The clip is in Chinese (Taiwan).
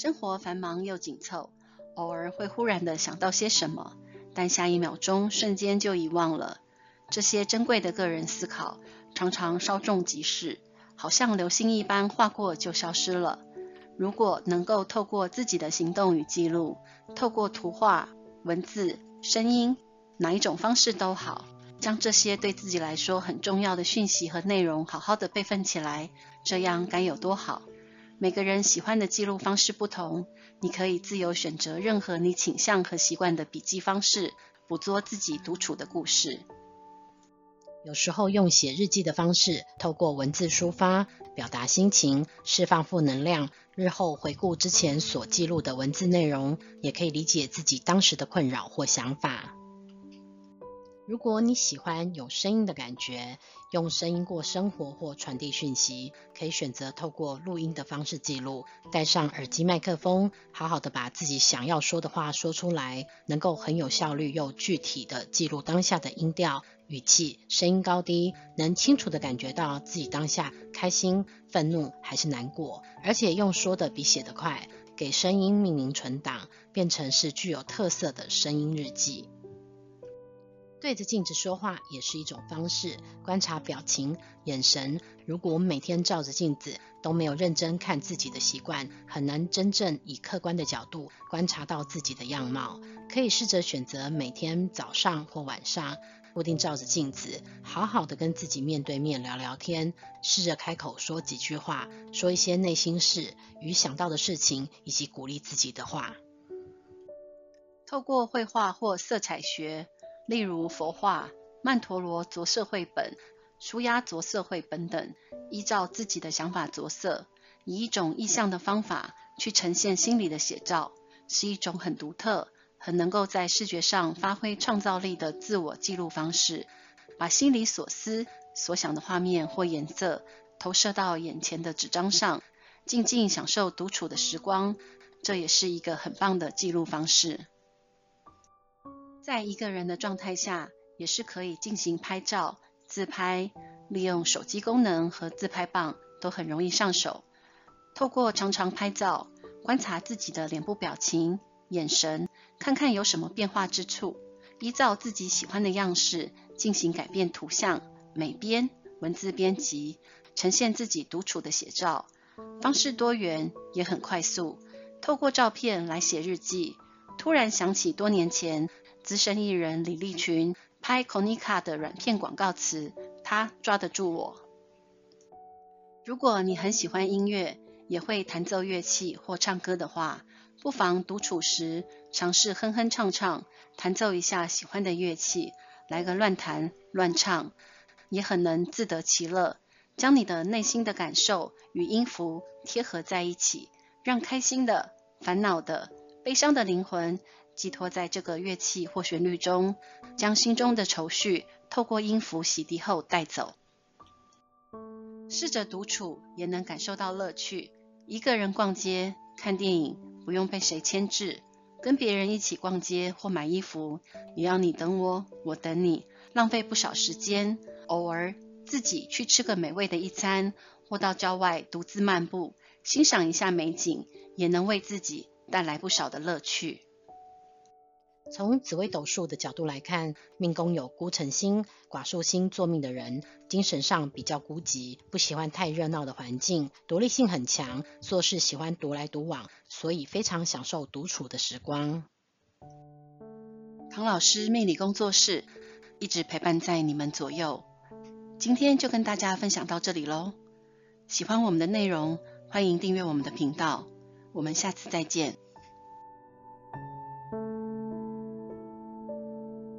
生活繁忙又緊湊，偶爾會忽然的想到些什麼，但下一秒鐘瞬間就遺忘了。這些珍貴的個人思考，常常稍縱即逝，好像流星一般劃過就消失了。如果能夠透過自己的行動與記錄，透過圖畫、文字、聲音，哪一種方式都好，將這些對自己來說很重要的訊息和內容好好的備份起來，這樣該有多好。每個人喜歡的記錄方式不同，你可以自由選擇任何你傾向和習慣的筆記方式，捕捉自己獨處的故事。有時候用寫日記的方式，透過文字抒發、表達心情、釋放負能量，日後回顧之前所記錄的文字內容，也可以理解自己當時的困擾或想法。如果你喜歡有聲音的感覺用聲音過生活或傳遞訊息，可以選擇透過錄音的方式記錄，戴上耳機麥克風，好好的把自己想要說的話說出來，能夠很有效率又具體的記錄當下的音調、語氣、聲音高低，能清楚的感覺到自己當下開心、憤怒還是難過，而且用說的比寫的快，給聲音命名存檔，變成是具有特色的聲音日記。對着鏡子說話也是一種方式，觀察表情、眼神。如果我們每天照着鏡子，都沒有認真看自己的習慣，很難真正以客觀的角度觀察到自己的樣貌。可以試着選擇每天早上或晚上，固定照着鏡子，好好的跟自己面對面聊聊天，試着開口說幾句話，說一些內心事與想到的事情，以及鼓勵自己的話。透過繪畫或色彩學。例如佛畫、曼陀羅着色繪本、舒壓着色繪本等，依照自己的想法着色，以一種意象的方法去呈現心理的寫照，是一種很獨特、很能夠在視覺上發揮創造力的自我記錄方式。把心裡所思所想的畫面或顏色投射到眼前的紙張上，靜靜享受獨處的時光，這也是一個很棒的記錄方式。在一個人的狀態下，也是可以進行拍照、自拍，利用手機功能和自拍棒都很容易上手。透過常常拍照，觀察自己的臉部表情、眼神，看看有什麼變化之處，依照自己喜歡的樣式進行改變圖像、美編、文字編輯，呈現自己獨處的寫照，方式多元也很快速。透過照片來寫日記，突然想起多年前。資深藝人李立群拍柯尼卡的軟片廣告詞，他抓得住我。如果你很喜歡音樂，也會彈奏樂器或唱歌的話，不妨獨處時嘗試哼哼唱唱，彈奏一下喜歡的樂器，來個亂彈亂唱，也很能自得其樂。將你的內心的感受與音符貼合在一起，讓開心的、煩惱的、悲傷的靈魂。寄托在這個樂器或旋律中，將心中的愁緒透過音符洗滌後帶走。試着獨處也能感受到樂趣。一個人逛街、看電影，不用被誰牽制；跟別人一起逛街或買衣服，也要你等我，我等你，浪費不少時間。偶爾自己去吃個美味的一餐，或到郊外獨自漫步，欣賞一下美景，也能為自己帶來不少的樂趣。從紫微斗數的角度來看，命宮有孤辰星、寡宿星坐命的人，精神上比較孤寂，不喜歡太熱鬧的環境，獨立性很強，做事喜歡獨來獨往，所以非常享受獨處的時光。唐老師命理工作室一直陪伴在你們左右，今天就跟大家分享到這裡嘍。喜歡我們的內容，歡迎訂閱我們的頻道，我們下次再見。